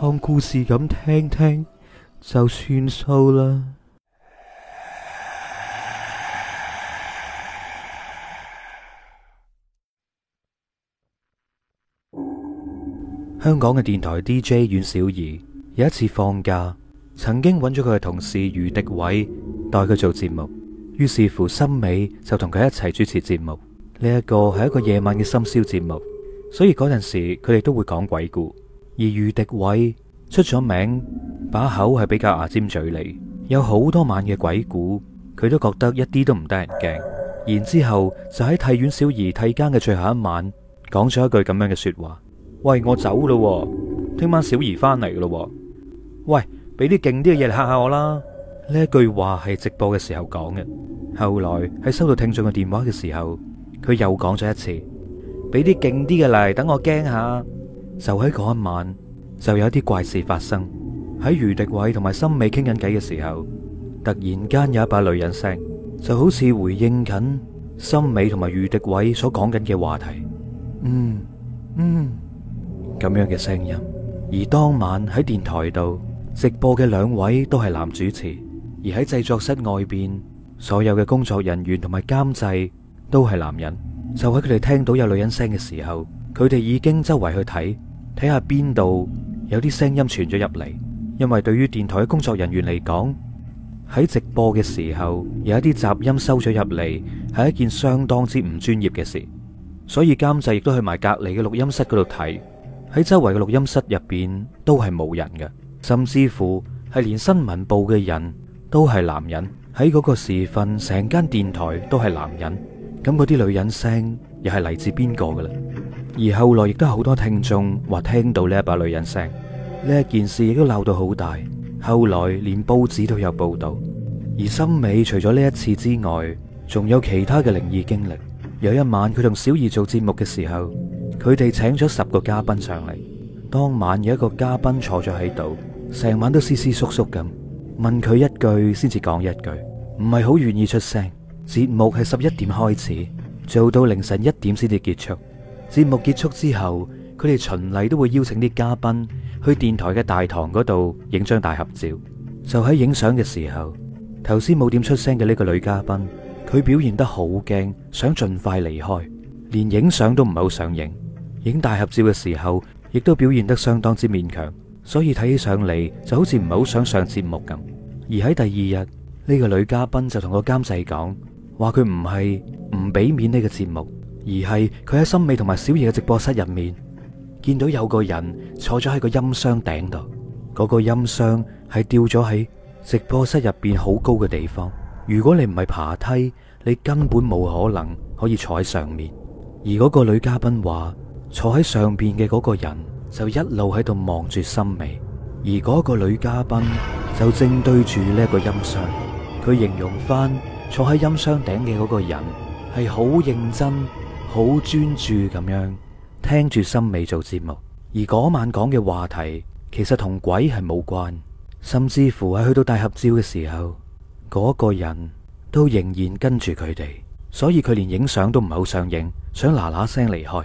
當故事咁聽聽就算數啦。香港嘅電台 DJ 阮小儀有一次放假，曾經揾咗佢嘅同事余迪偉代佢做節目，於是乎森美就同佢一齊主持節目。呢一個係一個夜晚嘅深宵節目，所以嗰陣時佢哋都會講鬼故。而余迪偉出咗名，把口係比較牙尖嘴利，有好多晚嘅鬼故，佢都覺得一啲都唔得人驚。然之後就喺替院小儀替間嘅最後一晚，講咗一句咁樣嘅說話：喂，我走咯喎，聽晚小儀翻嚟噶咯，喂，俾啲勁啲嘅嘢嚟吓下我啦。呢一句話係直播嘅時候講嘅，後來喺收到聽眾嘅電話嘅時候，佢又講咗一次：俾啲勁啲嘅嚟，等我驚下。就喺嗰一晚，就有啲怪事發生。喺余迪偉同埋森美傾緊偈嘅時候，突然間有一把女人聲，就好似回應緊森美同埋余迪偉所講緊嘅話題。嗯嗯，咁樣嘅聲音。而當晚喺電台度直播嘅兩位都係男主持，而喺製作室外邊，所有嘅工作人員同埋監製都係男人。就喺佢哋聽到有女人聲嘅時候，佢哋已經周圍去睇。睇下邊度有啲聲音傳咗入嚟，因為對於電台嘅工作人員嚟講，喺直播嘅時候有一啲雜音收咗入嚟，係一件相當之唔專業嘅事。所以監製亦都去埋隔籬嘅錄音室嗰度睇，喺周圍嘅錄音室入邊都係冇人嘅，甚至乎係連新聞部嘅人都係男人。喺嗰個時分，成間電台都係男人，咁嗰啲女人聲又係嚟自邊個㗎喇？而後來亦都好多聽眾話聽到呢一把女人聲，呢一件事亦都鬧到好大，後來連報紙都有報道。而森美除咗呢一次之外，仲有其他嘅靈異經歷。有一晚佢同小儀做節目嘅時候，佢哋請咗十個嘉賓上嚟。當晚有一個嘉賓坐咗喺度，成晚都斯斯縮縮咁問佢一,一句，先至講一句，唔係好願意出聲。節目係十一點開始，做到凌晨一點先至結束。節目結束之後，佢哋循例都會邀請啲嘉賓去電台嘅大堂嗰度影張大合照。就喺影相嘅時候，頭先冇點出聲嘅呢個女嘉賓，佢表現得好驚，想盡快離開，連影相都唔好上影，唔係好想影。影大合照嘅時候，亦都表現得相當之勉強，所以睇起上嚟就好似唔係好想上節目咁。而喺第二日，呢、這個呢個女嘉賓就同個監製講，話佢唔係唔俾面呢個節目。而係佢喺森美同埋小儀嘅直播室入面，見到有個人坐咗喺個音箱頂度，嗰個音箱係吊咗喺直播室入邊好高嘅地方。如果你唔係爬梯，你根本冇可能可以坐喺上面。而嗰個女嘉賓話，坐喺上邊嘅嗰個人就一路喺度望住森美，而嗰個女嘉賓就正對住呢個音箱。佢形容翻坐喺音箱頂嘅嗰個人係好認真，好專注咁樣聽住心美做節目，而嗰晚講嘅話題其實同鬼係冇關，甚至乎喺去到大合照嘅時候，嗰個人都仍然跟住佢哋，所以佢連影相都唔好上影，想嗱嗱聲離開。